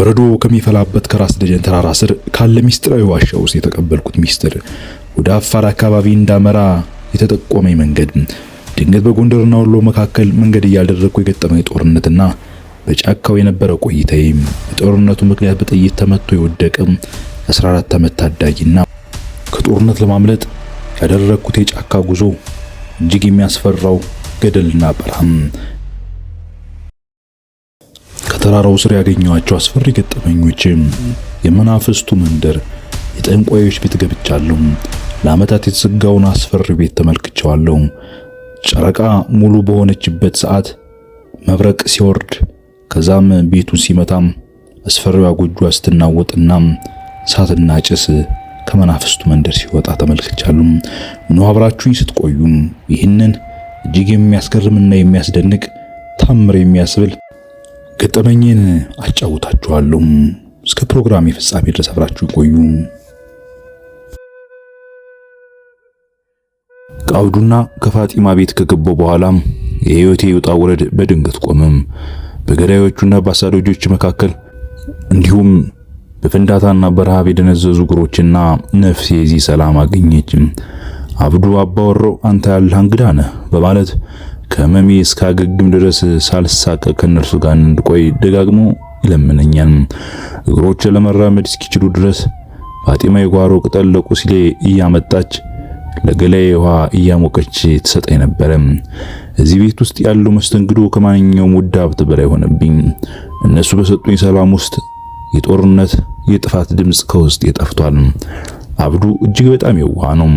በረዶ ከሚፈላበት ከራስ ደጀን ተራራ ስር ካለ ሚስጥራዊ ዋሻ ውስጥ የተቀበልኩት ሚስጥር ወደ አፋር አካባቢ እንዳመራ የተጠቆመኝ መንገድ ድንገት በጎንደርና ወሎ መካከል መንገድ እያደረግኩ የገጠመኝ ጦርነትና በጫካው የነበረ ቆይታዬ በጦርነቱ ምክንያት በጥይት ተመቶ የወደቀ 14 ዓመት ታዳጊና ከጦርነት ለማምለጥ ያደረግኩት የጫካ ጉዞ እጅግ የሚያስፈራው ገደልና በረሃም ከተራራው ስር ያገኘኋቸው አስፈሪ ገጠመኞች፣ የመናፍስቱ መንደር፣ የጠንቋዮች ቤት ገብቻለሁ። ለዓመታት የተዘጋውን አስፈሪ ቤት ተመልክቻለሁ። ጨረቃ ሙሉ በሆነችበት ሰዓት መብረቅ ሲወርድ ከዛም ቤቱ ሲመታም አስፈሪዋ ጎጆ ስትናወጥና እሳትና ጭስ ከመናፍስቱ መንደር ሲወጣ ተመልክቻለሁ። ኑ አብራችሁኝ ስትቆዩ ይህንን እጅግ የሚያስገርምና የሚያስደንቅ ታምር የሚያስብል ገጠመኝን አጫውታችኋለሁ። እስከ ፕሮግራም የፍጻሜ ድረስ አብራችሁ ቆዩ። ከአብዱና ከፋጢማ ቤት ከገባው በኋላም የህይወቴ ውጣ ውረድ በድንገት ቆመም። በገዳዮቹና በአሳዳጆች መካከል እንዲሁም በፍንዳታና በረሃብ የደነዘዙ እግሮችና ነፍሴ የዚህ ሰላም አገኘችም። አብዱ አባወረው አንተ ያለህ እንግዳ ነህ በማለት ከህመሜ እስካገግም ድረስ ሳልሳቀቅ ከእነርሱ ጋር እንድቆይ ደጋግሞ ይለምነኛል። እግሮች ለመራመድ እስኪችሉ ድረስ ፋጢማ የጓሮ ቅጠል ለቁስሌ እያመጣች ለገላዬ ውሃ እያሞቀች ትሰጠኝ ነበረ። እዚህ ቤት ውስጥ ያለው መስተንግዶ ከማንኛውም ውድ ሀብት በላይ ሆነብኝ። እነሱ በሰጡኝ ሰላም ውስጥ የጦርነት የጥፋት ድምፅ ከውስጥ የጠፍቷል። አብዱ እጅግ በጣም የዋህ ነው።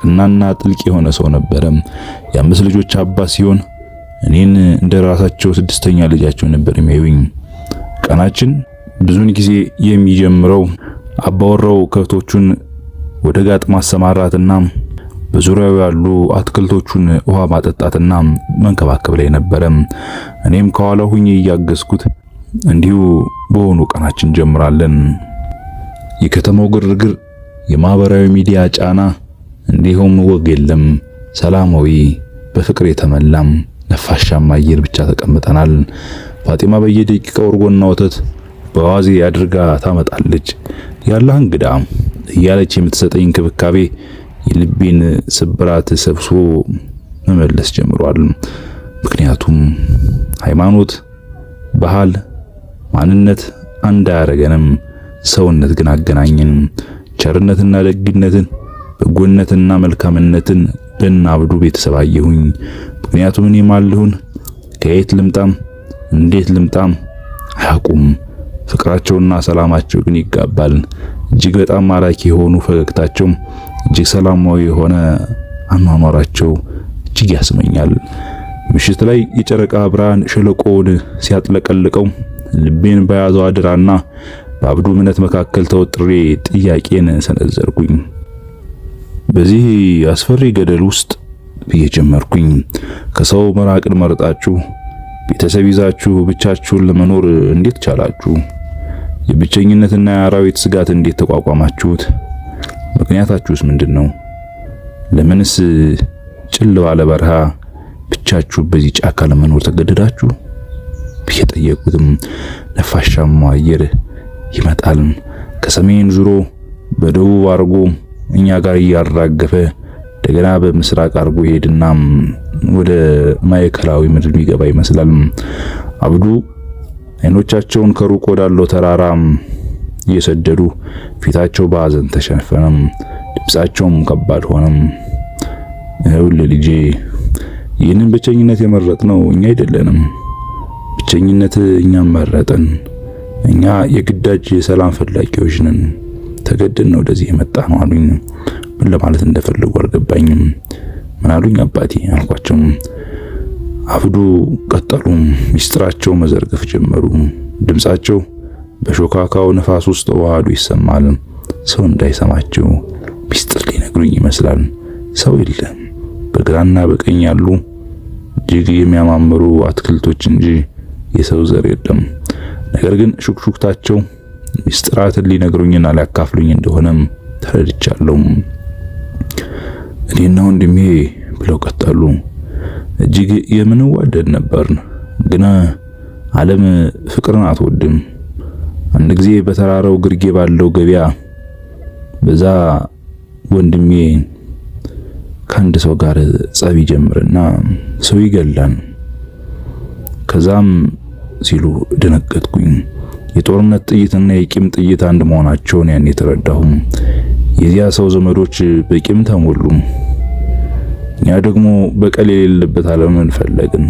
ቀናና ጥልቅ የሆነ ሰው ነበረ። የአምስት ልጆች አባት ሲሆን እኔን እንደ ራሳቸው ስድስተኛ ልጃቸው ነበር የሚያዩኝ። ቀናችን ብዙውን ጊዜ የሚጀምረው አባወራው ከብቶቹን ወደ ጋጥ ማሰማራትና በዙሪያው ያሉ አትክልቶቹን ውሃ ማጠጣትና መንከባከብ ላይ ነበረ። እኔም ከኋላ ሁኜ እያገዝኩት እንዲሁ በሆኑ ቀናችን ጀምራለን። የከተማው ግርግር፣ የማህበራዊ ሚዲያ ጫና እንዲሁም ወግ የለም ሰላማዊ በፍቅር የተመላም ነፋሻማ አየር ብቻ ተቀምጠናል። ፋጢማ በየደቂቃው እርጎና ወተት በዋዜ አድርጋ ታመጣለች። ያላህ እንግዳ እያለች የምትሰጠኝ እንክብካቤ የልቤን ስብራት ሰብሶ መመለስ ጀምሯል። ምክንያቱም ሃይማኖት፣ ባህል፣ ማንነት አንድ አያረገንም፣ ሰውነት ግን አገናኝን። ቸርነትና ደግነትን በጎነትና መልካምነትን በእናብዱ ቤተሰብ አየሁኝ። ምክንያቱም እኔ ማልሁን ከየት ልምጣም፣ እንዴት ልምጣም አያውቁም። ፍቅራቸውና ሰላማቸው ግን ይጋባል። እጅግ በጣም ማራኪ የሆኑ ፈገግታቸው፣ እጅግ ሰላማዊ የሆነ አኗኗራቸው እጅግ ያስመኛል። ምሽት ላይ የጨረቃ ብርሃን ሸለቆውን ሲያጥለቀልቀው ልቤን በያዘው አድራና በአብዱ እምነት መካከል ተወጥሬ ጥያቄን ሰነዘርኩኝ። በዚህ አስፈሪ ገደል ውስጥ እየጀመርኩኝ ከሰው መራቅን መርጣችሁ ቤተሰብ ይዛችሁ ብቻችሁን ለመኖር እንዴት ቻላችሁ? የብቸኝነትና የአራዊት ስጋት እንዴት ተቋቋማችሁት? ምክንያታችሁስ ምንድን ነው? ለምንስ ጭል ባለ በረሃ ብቻችሁ በዚህ ጫካ ለመኖር ተገደዳችሁ? እየጠየቁትም ነፋሻማ አየር ይመጣል ከሰሜን ዙሮ በደቡብ አርጎ እኛ ጋር እያራገፈ እንደገና በምስራቅ አርጎ ይሄድና ወደ ማዕከላዊ ምድር የሚገባ ይመስላል። አብዱ አይኖቻቸውን ከሩቅ ወዳለው ተራራ እየሰደዱ ፊታቸው በሀዘን ተሸፈነም፣ ድምጻቸውም ከባድ ሆነም። ይኸውልህ ልጄ ይህንን ብቸኝነት የመረጥነው እኛ አይደለንም። ብቸኝነት እኛም መረጠን። እኛ የግዳጅ የሰላም ፈላጊዎች ነን። ተገደን ነው ወደዚህ የመጣ ነው አሉኝ። ምን ለማለት እንደፈልጉ አልገባኝም። ምን አሉኝ አባቴ አልኳቸው አብዱ ቀጠሉ። ሚስጥራቸው መዘርገፍ ጀመሩ። ድምጻቸው በሾካካው ነፋስ ውስጥ ተዋህዶ ይሰማል። ሰው እንዳይሰማቸው ሚስጥር ሊነግሩኝ ይመስላል። ሰው የለም። በግራና በቀኝ ያሉ እጅግ የሚያማምሩ አትክልቶች እንጂ የሰው ዘር የለም። ነገር ግን ሹክሹክታቸው ሚስጥራትን ሊነግሩኝና ሊያካፍሉኝ እንደሆነም ተረድቻለሁ። እኔና ወንድሜ ብለው ቀጠሉ፣ እጅግ የምንዋደድ ነበርን። ግን ዓለም ፍቅርን አትወድም። አንድ ጊዜ በተራራው ግርጌ ባለው ገበያ በዛ ወንድሜ ከአንድ ሰው ጋር ጸብ ይጀምርና ሰው ይገላል። ከዛም ሲሉ ደነገጥኩኝ። የጦርነት ጥይትና የቂም ጥይት አንድ መሆናቸውን ያን የተረዳሁም። የዚያ ሰው ዘመዶች በቂም ተሞሉም። እኛ ደግሞ በቀል የሌለበት ዓለምን ፈለግን።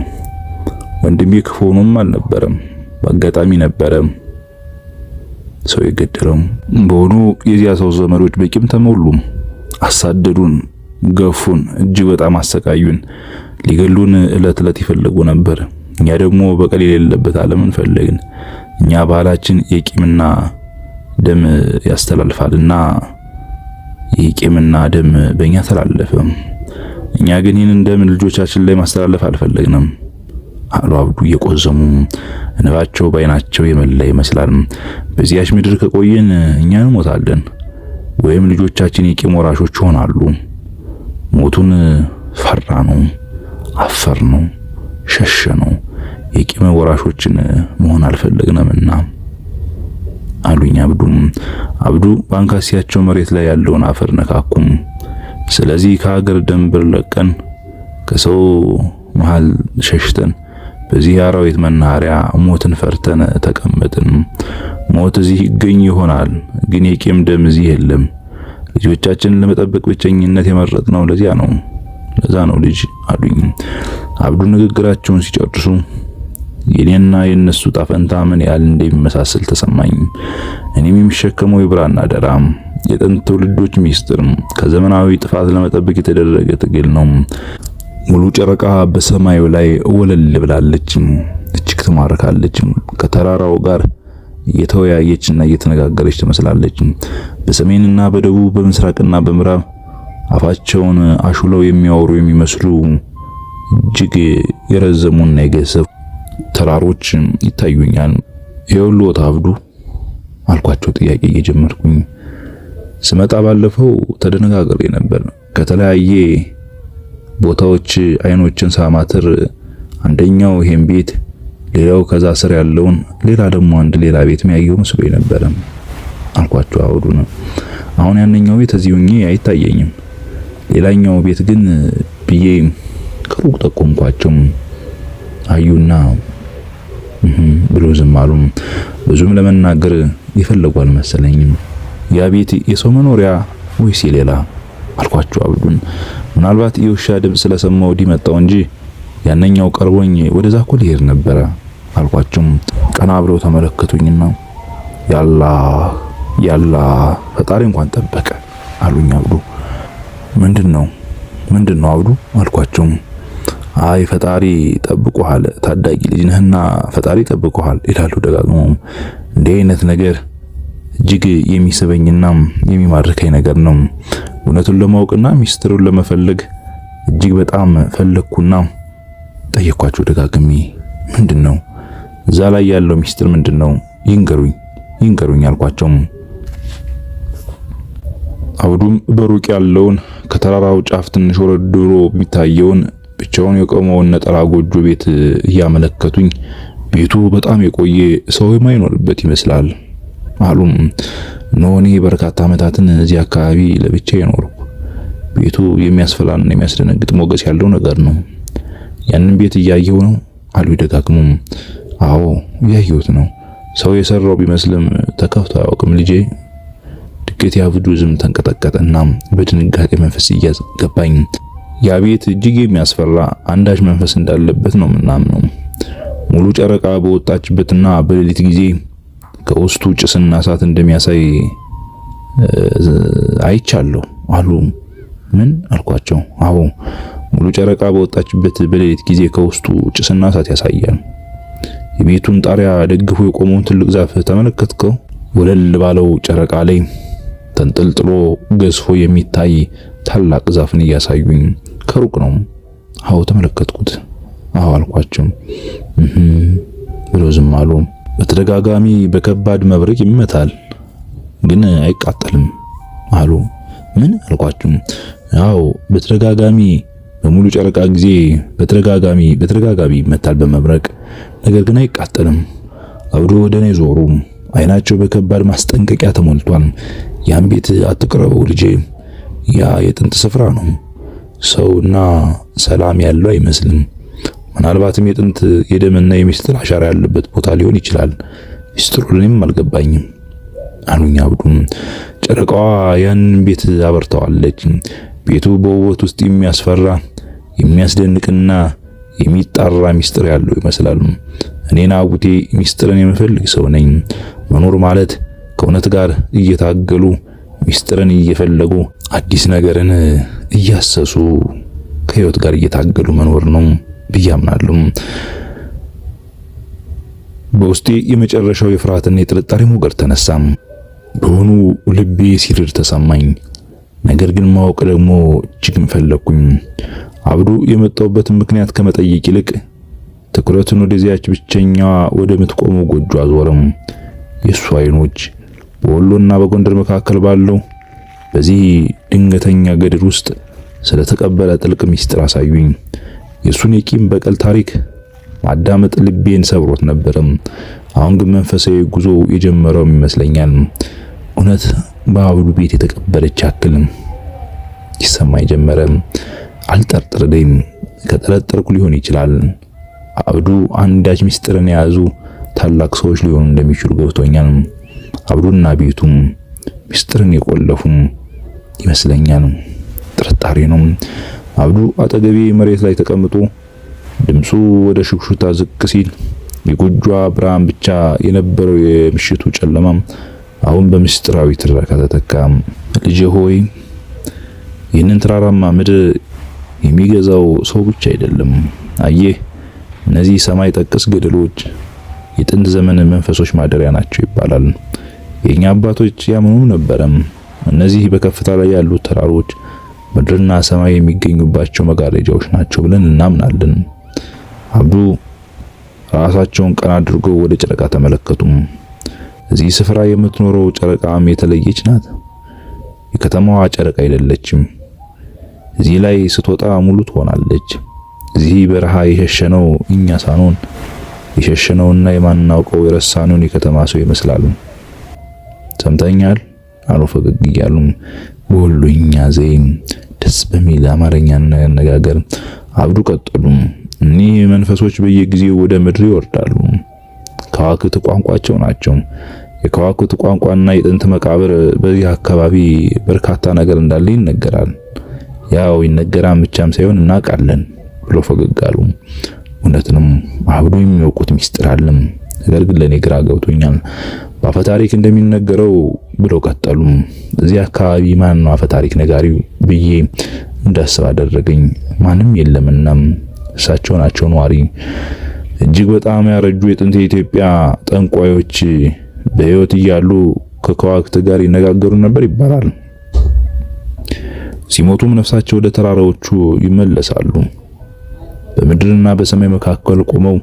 ወንድሜ ክፉ ሆኖም አልነበረም፣ በአጋጣሚ ነበረ ሰው የገደለው። በሆኑ የዚያ ሰው ዘመዶች በቂም ተሞሉም። አሳደዱን፣ ገፉን፣ እጅግ በጣም አሰቃዩን። ሊገሉን እለት እለት ይፈለጉ ነበር። እኛ ደግሞ በቀል የሌለበት ዓለምን ፈለግን። እኛ ባህላችን የቂምና ደም ያስተላልፋልና የቂምና ደም በእኛ ተላለፈም እኛ ግን ይህንን ደም ልጆቻችን ላይ ማስተላለፍ አልፈለግንም አሉ አብዱ እየቆዘሙ እንባቸው ባይናቸው የመላ ይመስላል። በዚያች ምድር ከቆየን እኛ እንሞታለን ወይም ልጆቻችን የቂም ወራሾች ይሆናሉ። ሞቱን ፈራ ነው፣ አፈር ነው፣ ሸሸ ነው። የቂመ ወራሾችን መሆን አልፈለግንምና አሉኝ። አብዱም አብዱ ባንካሲያቸው መሬት ላይ ያለውን አፈር ነካኩም። ስለዚህ ከሀገር ደንብር ለቀን ከሰው መሃል ሸሽተን በዚህ አራዊት መናኸሪያ ሞትን ፈርተን ተቀመጥን። ሞት እዚህ ይገኝ ይሆናል፣ ግን የቂም ደም እዚህ የለም። ልጆቻችንን ለመጠበቅ ብቸኝነት ነው። ለዚያ ነው፣ ለዛ ነው ልጅ አሉኝ። አብዱ ንግግራቸውን ሲጨርሱ የኔና የነሱ ጣፈንታ ምን ያህል እንደሚመሳሰል ተሰማኝ። እኔም የሚሸከመው የብራና ደራም የጥንት ትውልዶች ሚስጥር ከዘመናዊ ጥፋት ለመጠበቅ የተደረገ ትግል ነው። ሙሉ ጨረቃ በሰማዩ ላይ ወለል ብላለች። እጅግ ትማርካለች። ከተራራው ጋር እየተወያየችና እየተነጋገረች ትመስላለች። በሰሜንና በደቡብ በምስራቅና በምዕራብ አፋቸውን አሹለው የሚያወሩ የሚመስሉ እጅግ የረዘሙና የገሰፉ ተራሮች ይታዩኛል። የውሎት አብዱ አልኳቸው ጥያቄ እየጀመርኩኝ ስመጣ ባለፈው ተደነጋግሬ ነበር። ከተለያየ ቦታዎች አይኖችን ሳማትር አንደኛው ይሄን ቤት፣ ሌላው ከዛ ስር ያለውን፣ ሌላ ደግሞ አንድ ሌላ ቤት የሚያየው መስሎ ነበረ አልኳቸው ነው። አሁን ያንኛው ቤት እዚህ አይታየኝም፣ ሌላኛው ቤት ግን ብዬ ከሩቅ ጠቆምኳቸው አዩና ብሎ ዝም አሉ። ብዙም ለመናገር የፈለጉ አልመሰለኝም። ያ ቤት የሰው መኖሪያ ወይስ የሌላ አልኳቸው አብዱን። ምናልባት የውሻ ድምፅ ስለሰማው ዲመጣው እንጂ ያነኛው ቀርቦኝ ወደዛ እኮ ልሄድ ነበረ አልኳቸው። ቀና ብለው ተመለከቱኝና ያላ ያላ ፈጣሪ እንኳን ጠበቀ አሉኝ አብዱ። ምንድነው ምንድነው አብዱ አልኳቸው። አይ ፈጣሪ ጠብቆሃል፣ ታዳጊ ልጅ ነህና ፈጣሪ ጠብቆሃል ይላሉ ደጋግሞ። እንዲህ አይነት ነገር እጅግ የሚስበኝና የሚማርከኝ ነገር ነው። እውነቱን ለማወቅና ሚስጥሩን ለመፈለግ እጅግ በጣም ፈለግኩና ጠየኳቸው ደጋግሜ። ምንድን ነው እዛ ላይ ያለው ሚስጥር ምንድን ነው? ይንገሩኝ ይንገሩኝ አልኳቸው። አውዱም በሩቅ ያለውን ከተራራው ጫፍ ትንሽ ወረድ ብሎ የሚታየውን ብቻውን የቆመውን ነጠላ ጎጆ ቤት እያመለከቱኝ ቤቱ በጣም የቆየ ሰው የማይኖርበት ይመስላል አሉም። እነሆ በርካታ ዓመታትን እዚህ አካባቢ ለብቻ የኖርኩ። ቤቱ የሚያስፈላና የሚያስደነግጥ ሞገስ ያለው ነገር ነው። ያንን ቤት እያየው ነው አሉ ይደጋግሙም። አዎ እያየሁት ነው። ሰው የሰራው ቢመስልም ተከፍቶ አያውቅም ልጄ። ድገት ያብዱ ዝም ተንቀጠቀጠና በድንጋጤ መንፈስ እያዝ ገባኝ። ያ ቤት እጅግ የሚያስፈራ አንዳች መንፈስ እንዳለበት ነው ምናምነው። ሙሉ ጨረቃ በወጣችበትና በሌሊት ጊዜ ከውስጡ ጭስና እሳት እንደሚያሳይ አይቻለሁ አሉ። ምን አልኳቸው? አዎ ሙሉ ጨረቃ በወጣችበት በሌሊት ጊዜ ከውስጡ ጭስና እሳት ያሳያል። የቤቱን ጣሪያ ደግፎ የቆመውን ትልቅ ዛፍ ተመለከትከው? ወለል ባለው ጨረቃ ላይ ተንጠልጥሎ ገዝፎ የሚታይ ታላቅ ዛፍን እያሳዩኝ ከሩቅ ነው። አዎ ተመለከትኩት። አዎ አልኳቸው። ብለው ዝም አሉ። በተደጋጋሚ በከባድ መብረቅ ይመታል፣ ግን አይቃጠልም አሉ። ምን አልኳቸው። አዎ በተደጋጋሚ በሙሉ ጨረቃ ጊዜ በተደጋጋሚ በተደጋጋሚ ይመታል በመብረቅ ነገር ግን አይቃጠልም። አብዶ ወደ እኔ ዞሩ። አይናቸው በከባድ ማስጠንቀቂያ ተሞልቷል። ያን ቤት አትቅረበው ልጄ፣ ያ የጥንት ስፍራ ነው ሰውና ሰላም ያለው አይመስልም። ምናልባትም የጥንት የደምና የሚስጥር አሻራ ያለበት ቦታ ሊሆን ይችላል። ሚስጥሩ አልገባኝም አሉኝ አብዱም። ጨረቃዋ ያንን ቤት አበርተዋለች። ቤቱ በውበት ውስጥ የሚያስፈራ የሚያስደንቅና የሚጣራ ሚስጥር ያለው ይመስላል። እኔና አቡቴ ሚስጥርን የምፈልግ ሰው ነኝ። መኖር ማለት ከእውነት ጋር እየታገሉ ሚስጥርን እየፈለጉ አዲስ ነገርን እያሰሱ ከህይወት ጋር እየታገሉ መኖር ነው ብያምናለሁ። በውስጤ የመጨረሻው የፍርሃትና የጥርጣሬ ሞገድ ተነሳም በሆኑ ልቤ ሲድር ተሰማኝ። ነገር ግን ማወቅ ደግሞ እጅግም ፈለግኩኝ። አብዱ የመጣሁበትን ምክንያት ከመጠየቅ ይልቅ ትኩረትን ወደዚያች ብቸኛዋ ወደምትቆመው ጎጆ አዞረም። የእሱ አይኖች በወሎና በጎንደር መካከል ባለው በዚህ ድንገተኛ ገድል ውስጥ ስለተቀበለ ጥልቅ ሚስጥር አሳዩኝ። የሱን የቂም በቀል ታሪክ ማዳመጥ ልቤን ሰብሮት ነበርም። አሁን ግን መንፈሳዊ ጉዞ የጀመረውም ይመስለኛል። እውነት በአብዱ ቤት የተቀበለች ያክል ይሰማኝ ጀመረ። አልጠርጥርም፣ ከጠረጠርኩ ሊሆን ይችላል። አብዱ አንዳች ሚስጥርን የያዙ ታላቅ ሰዎች ሊሆኑ እንደሚችሉ ገብቶኛል። አብዱና ቤቱም ሚስጥርን የቆለፉም ይመስለኛል። ጥርጣሬ ነው። አብዱ አጠገቤ መሬት ላይ ተቀምጦ ድምፁ ወደ ሽክሹታ ዝቅ ሲል የጎጇ ብርሃን ብቻ የነበረው የምሽቱ ጨለማ አሁን በምስጢራዊ ትረካ ተተካ። ልጄ ሆይ ይህንን ተራራማ ምድር የሚገዛው ሰው ብቻ አይደለም። አየህ፣ እነዚህ ሰማይ ጠቀስ ገደሎች የጥንት ዘመን መንፈሶች ማደሪያ ናቸው ይባላል። የኛ አባቶች ያምኑም ነበረም። እነዚህ በከፍታ ላይ ያሉት ተራሮች ምድርና ሰማይ የሚገኙባቸው መጋረጃዎች ናቸው ብለን እናምናለን። አብዱ ራሳቸውን ቀና አድርገው ወደ ጨረቃ ተመለከቱም። እዚህ ስፍራ የምትኖረው ጨረቃም የተለየች ናት። የከተማዋ ጨረቃ አይደለችም። እዚህ ላይ ስትወጣ ሙሉ ትሆናለች። እዚህ በረሃ የሸሸነው እኛ ሳንሆን የሸሸነውና የማናውቀው የረሳነውን የከተማ ሰው ይመስላል። ሰምተኛል አሉ ፈገግ እያሉ በወሎኛ ዘይም ደስ በሚል አማርኛ አነጋገር አብዱ ቀጠሉ። እኒህ መንፈሶች በየጊዜው ወደ ምድር ይወርዳሉ። ከዋክብት ቋንቋቸው ናቸው። የከዋክብት ቋንቋና የጥንት መቃብር በዚህ አካባቢ በርካታ ነገር እንዳለ ይነገራል። ያው ይነገራን ብቻም ሳይሆን እናውቃለን ብሎ ፈገግ አሉ። እውነትንም አብዱ የሚያውቁት ሚስጥር አለም። ነገር ግን ለኔ ግራ ገብቶኛል። አፈታሪክ እንደሚነገረው ብለው ቀጠሉ። እዚህ አካባቢ ማን ነው አፈታሪክ ነጋሪው ብዬ እንዳስብ አደረገኝ። ማንም የለምና እሳቸው ናቸው ነዋሪ። እጅግ በጣም ያረጁ የጥንት የኢትዮጵያ ጠንቋዮች በህይወት እያሉ ከከዋክት ጋር ይነጋገሩ ነበር ይባላል። ሲሞቱም ነፍሳቸው ወደ ተራራዎቹ ይመለሳሉ። በምድርና በሰማይ መካከል ቆመው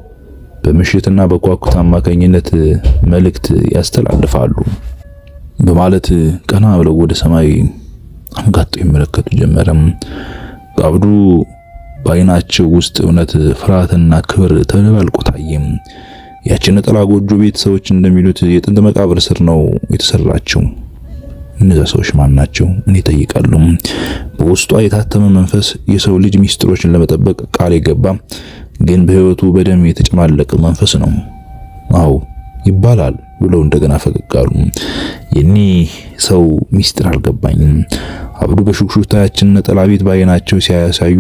በምሽትና በኳኩት አማካኝነት መልእክት ያስተላልፋሉ በማለት ቀና ብለው ወደ ሰማይ አንጋጦ ይመለከቱ ጀመረም። አብዱ በአይናቸው ውስጥ እውነት ፍርሃትና ክብር ተደባልቆ ታየም። ያችን ነጠላ ጎጆ ቤት ሰዎች እንደሚሉት የጥንት መቃብር ስር ነው የተሰራችው። እነዛ ሰዎች ማን ናቸው? እኔ ይጠይቃሉ። በውስጧ የታተመ መንፈስ፣ የሰው ልጅ ሚስጥሮችን ለመጠበቅ ቃል የገባ ግን በህይወቱ በደም የተጨማለቀ መንፈስ ነው። አዎ ይባላል ብለው እንደገና ፈገግ አሉ። የኔ ሰው ሚስጥር አልገባኝም። አብዱ በሹክሹክታችን ነጠላ ቤት ባይናቸው ሲያሳዩ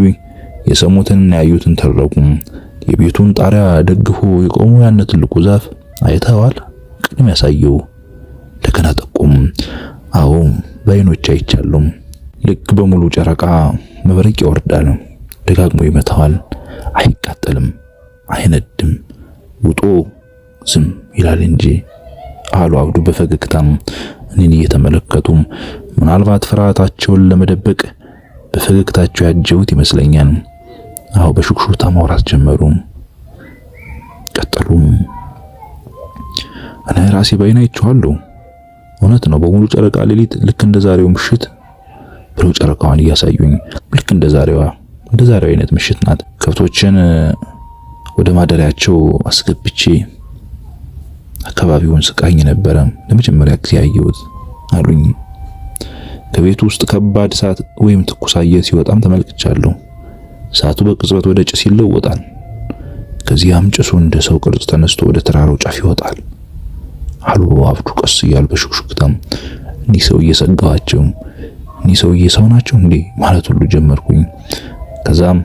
የሰሙትንና ያዩትን ተረጉ። የቤቱን ጣሪያ ደግፎ የቆሙ ያን ትልቁ ዛፍ አይተዋል? ቅድም ያሳየው እንደገና ጠቁም አዎ በአይኖች አይቻሉም። ልክ በሙሉ ጨረቃ መብረቅ ይወርዳል። ደጋግሞ ይመታዋል። አይቃጠልም፣ አይነድም፣ ውጦ ዝም ይላል እንጂ አሉ አብዱ በፈገግታም እኔን እየተመለከቱ ምናልባት ፍርሃታቸውን ለመደበቅ በፈገግታቸው ያጀቡት ይመስለኛል። አሁ በሹክሹክታ ማውራት ጀመሩ። ቀጠሉ። እኔ ራሴ ባይን አይቼዋለሁ። እውነት ነው። በሙሉ ጨረቃ ሌሊት ልክ እንደ ዛሬው ምሽት ብለው ጨረቃዋን እያሳዩኝ ልክ እንደ ዛሬዋ እንደ ዛሬው አይነት ምሽት ናት። ከብቶችን ወደ ማደሪያቸው አስገብቼ አካባቢውን ስቃኝ ነበረ ለመጀመሪያ ጊዜ ያየሁት አሉኝ። ከቤቱ ውስጥ ከባድ እሳት ወይም ትኩስ አየር ሲወጣም ተመልክቻለሁ። እሳቱ በቅጽበት ወደ ጭስ ይለወጣል። ከዚያም ጭሱ እንደ ሰው ቅርጽ ተነስቶ ወደ ተራራው ጫፍ ይወጣል አሉ አብዱ ቀስ እያሉ በሹክሹክታም። እኒህ ሰውዬ ሰጋዋቸው፣ እኒህ ሰውዬ ሰው ናቸው እንዴ ማለት ሁሉ ጀመርኩኝ። ከዛም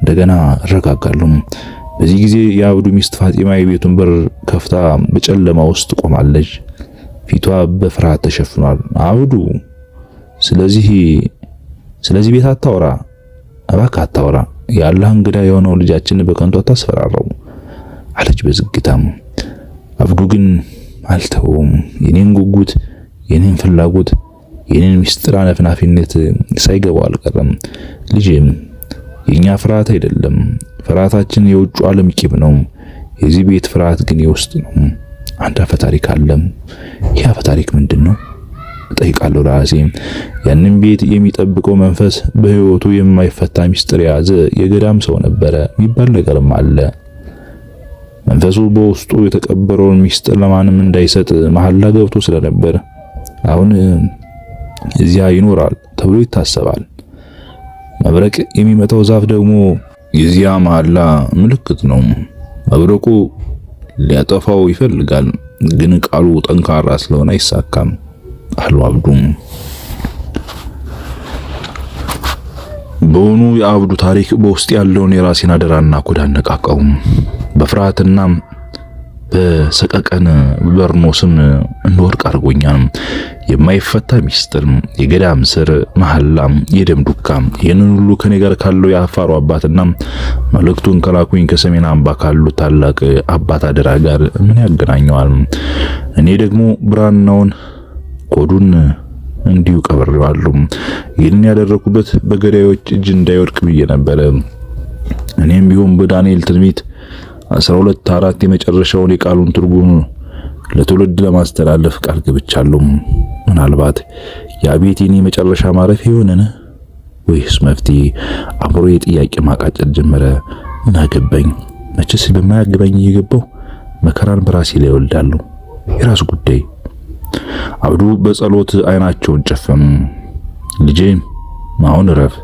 እንደገና እረጋጋሉ። በዚህ ጊዜ የአብዱ ሚስት ፋጢማ የቤቱን በር ከፍታ በጨለማ ውስጥ ቆማለች። ፊቷ በፍርሃት ተሸፍኗል። አብዱ ስለዚህ ስለዚህ ቤት አታውራ፣ እባክህ አታውራ፣ የአላህ እንግዳ የሆነው ልጃችን በከንቱ አታስፈራራው አለች በዝግታም። አብዱ ግን አልተውም። የኔን ጉጉት፣ የኔን ፍላጎት፣ የኔን ሚስጥር አነፍናፊነት ሳይገባው አልቀረም። ልጅም የኛ ፍርሃት አይደለም። ፍርሃታችን የውጭ ዓለም ቂም ነው። የዚህ ቤት ፍርሃት ግን የውስጥ ነው። አንድ አፈ ታሪክ አለም። ይህ አፈ ታሪክ ምንድን ነው እጠይቃለሁ ራሴ። ያንን ቤት የሚጠብቀው መንፈስ በህይወቱ የማይፈታ ሚስጥር የያዘ የገዳም ሰው ነበረ የሚባል ነገርም አለ። መንፈሱ በውስጡ የተቀበረውን ሚስጥር ለማንም እንዳይሰጥ መሐላ ገብቶ ስለነበር አሁን እዚያ ይኖራል ተብሎ ይታሰባል። መብረቅ የሚመታው ዛፍ ደግሞ የዚያ መሐላ ምልክት ነው። መብረቁ ሊያጠፋው ይፈልጋል፣ ግን ቃሉ ጠንካራ ስለሆነ አይሳካም አሉ አብዱም። በሆኑ የአብዱ ታሪክ በውስጥ ያለውን የራሴን አደራና ኩዳ አነቃቃውም በፍርሃትና በሰቀቀን ስም እንደወርቅ አድርጎኛል። የማይፈታ ሚስጥር፣ የገዳም ስር መሐላ፣ የደም ዱካ፣ ይህንን ሁሉ ከኔ ጋር ካለው የአፋሩ አባትና መልእክቱን ከላኩኝ ከሰሜን አምባ ካሉ ታላቅ አባት አደራ ጋር ምን ያገናኘዋል? እኔ ደግሞ ብራናውን ኮዱን እንዲሁ ቀብሬዋለሁ። ይህንን ያደረኩበት በገዳዮች እጅ እንዳይወድቅ ብዬ ነበረ። እኔም ቢሆን በዳንኤል ትንቢት አስራ ሁለት አራት የመጨረሻውን የቃሉን ትርጉም ለትውልድ ለማስተላለፍ ቃል ገብቻለሁ። ምናልባት የአቤት የኔ መጨረሻ ማረፍ ይሆንን ወይስ መፍትሄ? አእምሮ የጥያቄ ማቃጨት ጀመረ። ምን አገባኝ? መቼስ በማያገባኝ እየገባው መከራን በራሴ ላይ ወልዳለሁ የራስ ጉዳይ። አብዱ በጸሎት አይናቸውን ጨፈኑ። ልጄ አሁን እረፍ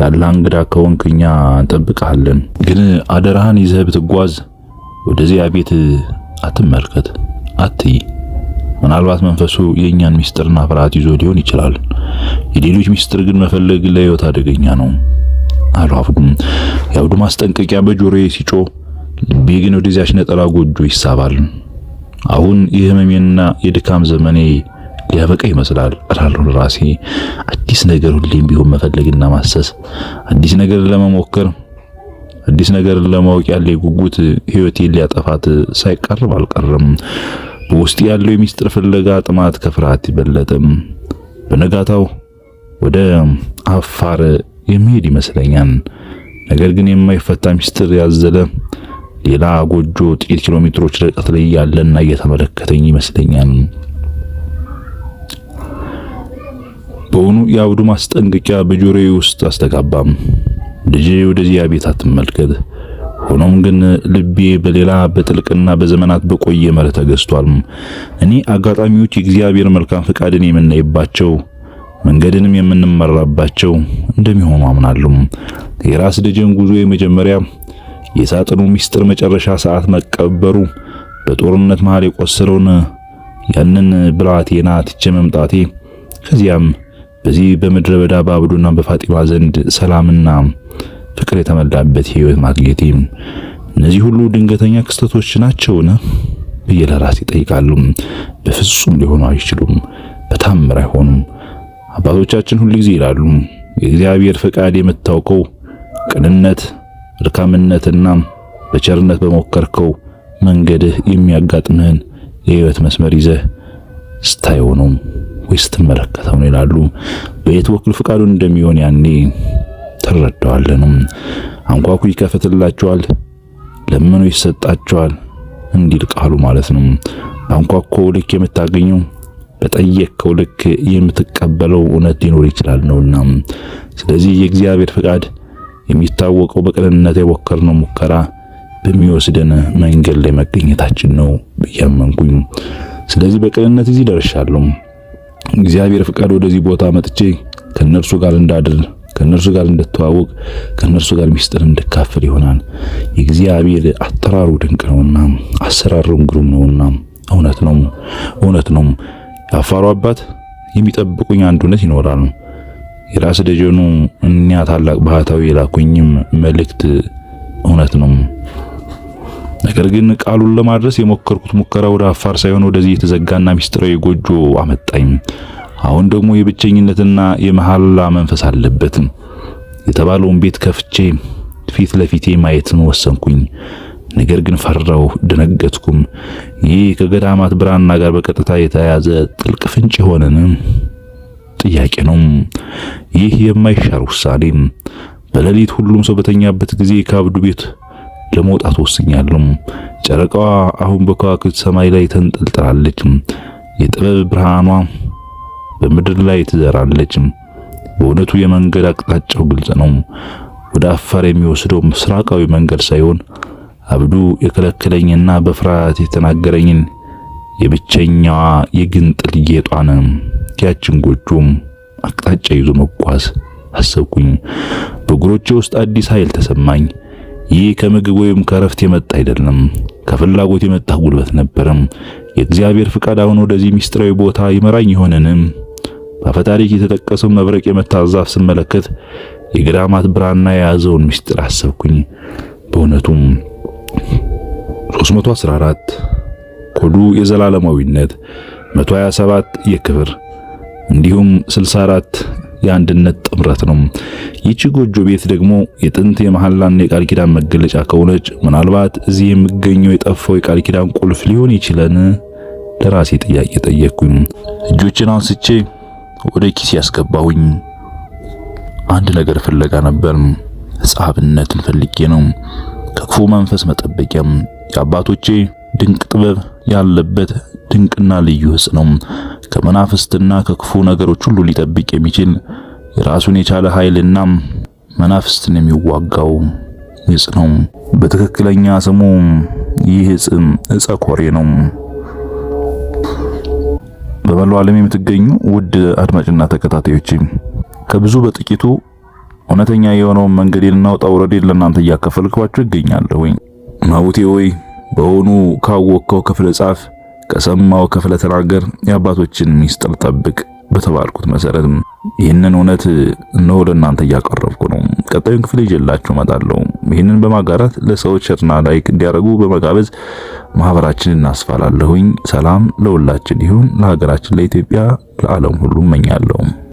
ያለ እንግዳ ከሆንክ እኛ እንጠብቅሃለን። ግን አደራህን ይዘህ ብትጓዝ ወደዚያ ቤት አትመልከት፣ አትይ። ምናልባት መንፈሱ የእኛን ሚስጥርና ፍርሃት ይዞ ሊሆን ይችላል። የሌሎች ሚስጥር ግን መፈለግ ለህይወት አደገኛ ነው አሉ አብዱም። የአብዱ ማስጠንቀቂያ በጆሮዬ ሲጮ ልቤ ግን ወደዚያች ነጠላ ጎጆ ይሳባል። አሁን የህመሜና የድካም ዘመኔ ሊያበቃ ይመስላል እላለሁ ለራሴ። አዲስ ነገር ሁሌም ቢሆን መፈለግና ማሰስ፣ አዲስ ነገር ለመሞከር፣ አዲስ ነገር ለማወቅ ያለ ጉጉት ህይወቴን ሊያጠፋት ሳይቀርብ አልቀርም። በውስጥ ያለው የሚስጥር ፍለጋ ጥማት ከፍርሃት ይበለጥም። በነጋታው ወደ አፋር የሚሄድ ይመስለኛል። ነገር ግን የማይፈታ ሚስጥር ያዘለ ሌላ ጎጆ ጥቂት ኪሎ ሜትሮች ርቀት ላይ ያለና እየተመለከተኝ ይመስለኛል። በሆኑ የአብዱ ማስጠንቀቂያ በጆሮዬ ውስጥ አስተጋባም። ልጄ ወደዚያ ቤት አትመልከት። ሆኖም ግን ልቤ በሌላ በጥልቅና በዘመናት በቆየ መርህ ተገዝቷል። እኔ አጋጣሚዎች የእግዚአብሔር መልካም ፈቃድን የምናይባቸው መንገድንም የምንመራባቸው እንደሚሆኑ አምናለሁ። የራስ ደጀን ጉዞ የመጀመሪያ የሳጥኑ ሚስጥር መጨረሻ ሰዓት መቀበሩ በጦርነት መሃል የቆሰለውን ያንን ብላቴና ትቼ መምጣቴ ከዚያም በዚህ በምድረ በዳ በአብዱና በፋጢማ ዘንድ ሰላምና ፍቅር የተመላበት ህይወት ማግኘቴ እነዚህ ሁሉ ድንገተኛ ክስተቶች ናቸውን ብዬ ለራሴ ይጠይቃሉ። በፍጹም ሊሆኑ አይችሉም፣ በታምር አይሆኑም። አባቶቻችን ሁል ጊዜ ይላሉ የእግዚአብሔር ፈቃድ የምታውቀው ቅንነት፣ እርካምነትና በቸርነት በሞከርከው መንገድህ የሚያጋጥምህን የህይወት መስመር ይዘህ ስታይሆኑም ወይስ ትመለከተው ነው ይላሉ። በየት በኩል ፍቃዱ እንደሚሆን ያኔ ትረዳዋለንም። አንኳኩ ይከፈትላቸዋል፣ ለምኑ ይሰጣቸዋል እንዲል ቃሉ ማለት ነው። በአንኳኮው ልክ የምታገኘው በጠየቅከው ልክ የምትቀበለው እውነት ሊኖር ይችላል ነውና፣ ስለዚህ የእግዚአብሔር ፍቃድ የሚታወቀው በቅንነት የሞከርነው ሙከራ በሚወስደን መንገድ ላይ መገኘታችን ነው ብያመንኩኝ። ስለዚህ በቅንነት እዚህ ደርሻለሁ። እግዚአብሔር ፍቃድ ወደዚህ ቦታ መጥቼ ከነርሱ ጋር እንዳድር ከነርሱ ጋር እንድተዋወቅ ከነርሱ ጋር ሚስጥር እንድካፈል ይሆናል። የእግዚአብሔር አጠራሩ ድንቅ ነውና አሰራሩም ግሩም ነውና እውነት ነው፣ እውነት ነው። የአፋሩ አባት የሚጠብቁኝ አንድነት ይኖራል። የራስ ደጀኑ እኒያ ታላቅ ባህታዊ የላኩኝም መልእክት እውነት ነው። ነገር ግን ቃሉን ለማድረስ የሞከርኩት ሙከራ ወደ አፋር ሳይሆን ወደዚህ የተዘጋና ሚስጥራዊ ጎጆ አመጣኝ። አሁን ደግሞ የብቸኝነትና የመሐላ መንፈስ አለበት የተባለውን ቤት ከፍቼ ፊት ለፊቴ ማየትን ወሰንኩኝ። ነገር ግን ፈራው፣ ደነገጥኩም። ይህ ከገዳማት ብራና ጋር በቀጥታ የተያያዘ ጥልቅ ፍንጭ የሆነን ጥያቄ ነው። ይህ የማይሻር ውሳኔ። በሌሊት ሁሉም ሰው በተኛበት ጊዜ ከአብዱ ቤት ለመውጣት ወስኛለሁ። ጨረቃዋ አሁን በከዋክብት ሰማይ ላይ ተንጠልጥላለች። የጥበብ ብርሃኗ በምድር ላይ ትዘራለች። በእውነቱ የመንገድ አቅጣጫው ግልጽ ነው። ወደ አፋር የሚወስደው ምስራቃዊ መንገድ ሳይሆን አብዱ የከለከለኝና በፍርሃት የተናገረኝን የብቸኛዋ የግንጥል ጌጧን ያችን ጎጆም አቅጣጫ ይዞ መጓዝ አሰብኩኝ። በእግሮቼ ውስጥ አዲስ ኃይል ተሰማኝ። ይህ ከምግብ ወይም ከረፍት የመጣ አይደለም፣ ከፍላጎት የመጣ ጉልበት ነበረም። የእግዚአብሔር ፍቃድ አሁን ወደዚህ ምስጢራዊ ቦታ ይመራኝ ይሆንንም? በፈታሪክ የተጠቀሰው መብረቅ የመታ ዛፍ ስመለከት የግራማት ብራና የያዘውን ምስጢር አሰብኩኝ። በእውነቱም 314 ኮዱ የዘላለማዊነት፣ 127 የክብር እንዲሁም 64 የአንድነት ጥምረት ነው። ይቺ ጎጆ ቤት ደግሞ የጥንት የመሐላና የቃል ኪዳን መገለጫ ከሆነች ምናልባት እዚህ የሚገኘው የጠፋው የቃል ኪዳን ቁልፍ ሊሆን ይችላል? ለራሴ ጥያቄ ጠየቅኩኝ። እጆችን አንስቼ ወደ ኪስ ያስገባሁኝ አንድ ነገር ፍለጋ ነበር። ጸሐብነትን ፈልጌ ነው፣ ከክፉ መንፈስ መጠበቂያም የአባቶቼ ድንቅ ጥበብ ያለበት ድንቅና ልዩ ዕፅ ነው። ከመናፍስትና ከክፉ ነገሮች ሁሉ ሊጠብቅ የሚችል ራሱን የቻለ ኃይልና መናፍስትን የሚዋጋው ዕፅ ነው። በትክክለኛ ስሙ ይህ ዕፅ ዕፀ ኮሬ ነው። በመላው ዓለም የምትገኙ ውድ አድማጭና ተከታታዮች ከብዙ በጥቂቱ እውነተኛ የሆነውን መንገዴንና ውጣ ውረዴን ለእናንተ እያከፈልኳችሁ ይገኛለሁ። ማቡቴ ሆይ በሆኑ ካወቅከው ክፍለ ጻፍ ከሰማው ክፍለ ተናገር፣ የአባቶችን ሚስጥር ጠብቅ በተባልኩት መሰረት ይህንን እውነት እነሆ ለእናንተ እያቀረብኩ ነው። ቀጣዩን ክፍል ይዤላችሁ እመጣለሁ። ይህንን በማጋራት ለሰዎች ሸርና ላይክ እንዲያደርጉ በመጋበዝ ማህበራችንን እናስፋላለሁኝ። ሰላም ለሁላችን ይሁን። ለሀገራችን ለኢትዮጵያ፣ ለዓለም ሁሉ እመኛለሁ።